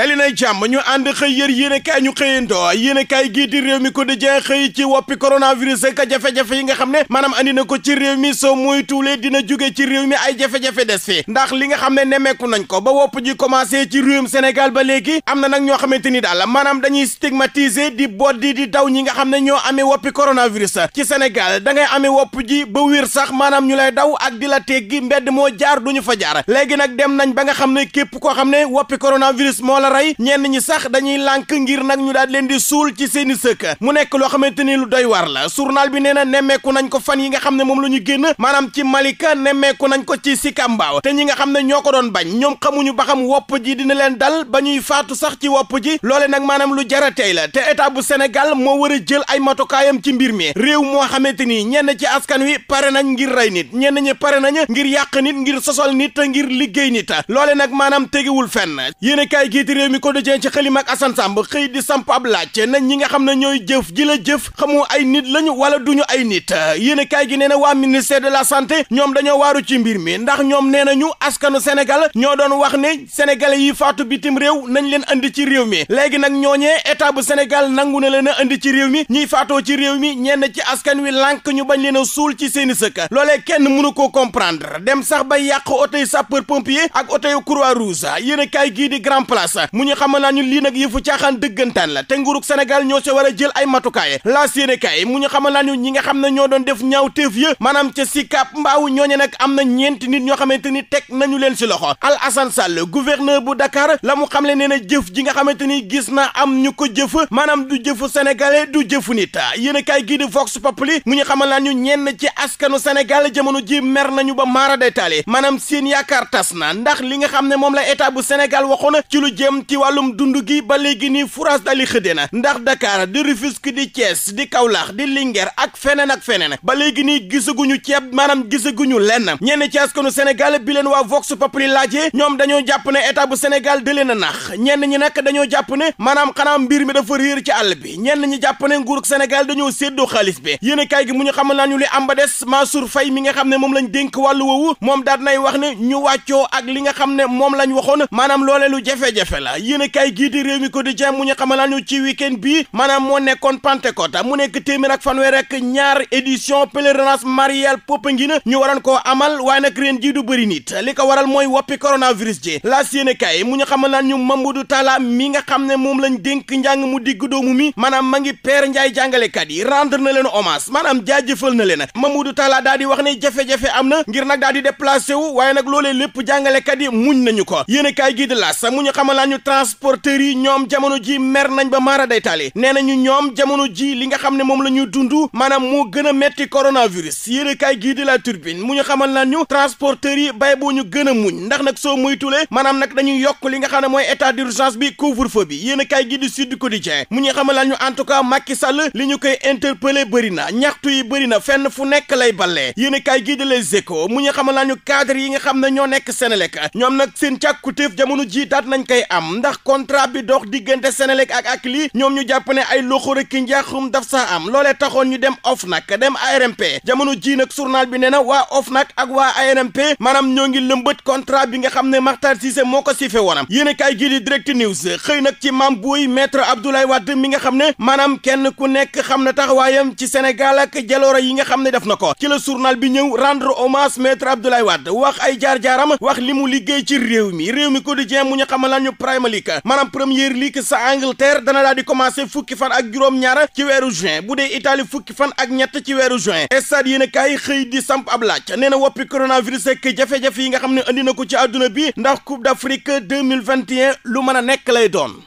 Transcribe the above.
dali nay jàmm ñu ànd xëy yër yéen kaay ñu xëyandoo yéen kaay gii di réew mi ko di jeex xëy ci woppi coronavirus ka jafe-jafe yi nga xam ne maanaam andi na ko ci réew mi soo muy tuulee dina jóge ci réew mi ay jafe-jafe des fi ndax li nga xam ne nemmeeku nañ ko ba wopp ji commencé ci réewum Sénégal ba léegi am na nag ñoo xamante ni daal maanaam dañuy stigmatiser di boddi di daw ñi nga xam ne ñoo amee woppi coronavirus ci Sénégal dangay ngay amee wopp ji ba wér sax maanaam ñu lay daw ak di la teggi mbedd moo jaar duñu fa jaar léegi nag dem nañ ba nga xam ne képp koo xam ne woppi coronavirus moo a rey ñenn ñi sax dañuy lànk ngir nag ñu daal leen di suul ci seeni sëkk mu nekk loo xamante ni lu doy war la journal bi nee na nemmeeku nañ ko fan yi nga xam ne moom la ñu génn maanaam ci Malika nemmeeku nañ ko ci Sikambaaw te ñi nga xam ne ñoo ko doon bañ ñoom xamuñu ba xam wopp ji dina leen dal ba ñuy faatu sax ci wopp ji loole nag maanaam lu jara tey la te état bu Sénégal moo war a jël ay matukaayam ci mbir mi réew moo xamante ni ñenn ci askan wi pare nañ ngir rey nit ñenn ñi pare nañ ngir yàq nit ngir sosol nit ngir liggéey nit loole nag maanaam tegewul fenn réew mi quotidien ci xëlim ak Assane xëy di samp ab laajte nañ ñi nga xam ne ñooy jëf ji la jëf xamoo ay nit lañu wala duñu ay nit yéen kaay gi nee na waa ministère de la santé ñoom dañoo waaru ci mbir mi ndax ñoom nee nañu askanu Sénégal ñoo doon wax ne senegal yi faatu bitim réew nañ leen andi ci réew mi léegi nag ñooñee état bu Sénégal nangu na leen a ci réew mi ñiy faatoo ci réew mi ñenn ci askan wi lànk ñu bañ leen suul ci seeni sëkk loolee kenn mënu ko comprendre dem sax ba yàq oto yi sapeur ak oto yu croix rouge yéen kaay gii di mu ñu xamal naa ñu lii nag yëfu caaxaan dëggantaan la te nguurug Sénégal ñoo si war a jël ay matukaay la yéene kaay mu ñu xamal naa ñu ñi nga xam ne ñoo doon def ñaaw téef ya maanaam ca Sicap Mbao ñooñe nag am na ñeenti nit ñoo xamante ni teg nañu leen si loxo Al Hassan Sall gouverneur bu dakaar la mu xamle nee na jëf ji nga xamante ni gis na am ñu ko jëf maanaam du jëfu sénégalais du jëfu nit yéene kaay gii di Vox Populi mu ñu xamal naa ñu ñenn ci askanu Sénégal jamono ji mer nañu ba maara maanaam seen yaakaar na ndax li nga xam ne moom la état bu Sénégal waxoon ci lu jëm ci wàllum dund gi ba léegi nii furaas dali xëdde na ndax Dakar di Rufisque di Thiès di Kaolack di Linguère ak feneen ak feneen ba léegi nii gisaguñu ceeb maanaam gisaguñu lenn ñenn ci askanu Sénégal bi leen waa Vox Populi laajee ñoom dañoo jàpp ne état bu Sénégal da leen a ñenn ñi nag dañoo jàpp ne maanaam xanaa mbir mi dafa réer ci àll bi ñenn ñi jàpp ne nguurug Sénégal dañoo séddoo xaalis bi yéen kaay gi mu ñu xamal naa ñu li am ba des Mansour fay mi nga xam ne moom lañ dénk wàllu woowu moom daal nay wax ne ñu wàccoo ak li nga xam ne moom lañ waxoon maanaam loolee lu jafe-jafe la yéen a kaay gii di réew mi quotidien mu ñu xamalaan ñu ci week-end bi maanaam moo nekkoon Pentecôte mu nekk téeméer ak fanweer ak ñaar édition pèlerinage marial Popenguine ñu waroon ko amal waaye nag reen jii du bëri nit li ko waral mooy woppi coronavirus ji laas yéen a kaay mu ñu xamalaan ñu Mamadou Talla mi nga xam ne moom lañ dénk njàng mu digg doomu mi maanaam ma ngi peer njaay jàngalekat yi rendre na leen hommage maanaam jaajëfal na leen Mamadou Talla daa di wax ne jafe-jafe am na ngir nag daa di déplacé wu nag loolee lépp jàngalekat yi muñ ko yéen a kaay gii mu ñu xamalaan nañu transporteurs yi ñoom jamono ji mer nañ ba maara day taali nee nañu ñoom jamono ji li nga xam ne moom la ñuy dund maanaam moo gën a metti coronavirus yéene kaay gii di la turbine mu ñu xamal naan ñu transporteurs yi bay boo ñu gën a muñ ndax nag soo moytulee maanaam nag dañuy yokk li nga xam ne mooy état d'urgence bi couvre-feu bi yéene kaay gii di Sud Quotidien mu ñu ñu en tout cas Macky Sall li ñu koy interpeller bëri na ñaxtu yi bëri na fenn fu nekk lay ballee yéene kaay gii di Les Échos mu ñu xamal naan ñu cadre yi nga xam ne ñoo nekk Senelec ñoom nag seen càkkutéef jamono ji nañ koy am am ndax contrat bi dox diggante Senelec ak ak Akilee ñoom ñu jàpp ne ay loxoore ki njaaxum daf saa am loolee taxoon ñu dem OFNAC dem ARMP jamono ji nag journal bi nee na waa OFNAC ak waa ARMP maanaam ñoo ngi lëmbët contrat bi nga xam ne Makhtar Cissé moo ko siifee woonam yéen kaay gi di direct news xëy nag ci maam buy maître Abdoulaye Wade mi nga xam ne maanaam kenn ku nekk xam na taxawaayam ci Sénégal ak jalooro yi nga xam ne def na ko ci la journal bi ñëw rendre hommage maître Abdoulaye Wade wax ay jaar-jaaram wax li mu liggéey ci réew mi réew mi quotidien mu ñu xamal ñu Premier League maanaam Premier League sa Angleterre dana daal di commencé fukki fan ak juróom-ñaar ci weeru juin bu dee Italie fukki fan ak ñett ci weeru juin stade yéen a kaay xëy di samp ab laaj nee na woppi coronavirus ak jafe-jafe yi nga xam ne andi na ko ci àdduna bi ndax Coupe d'Afrique 2021 lu mën a nekk lay doon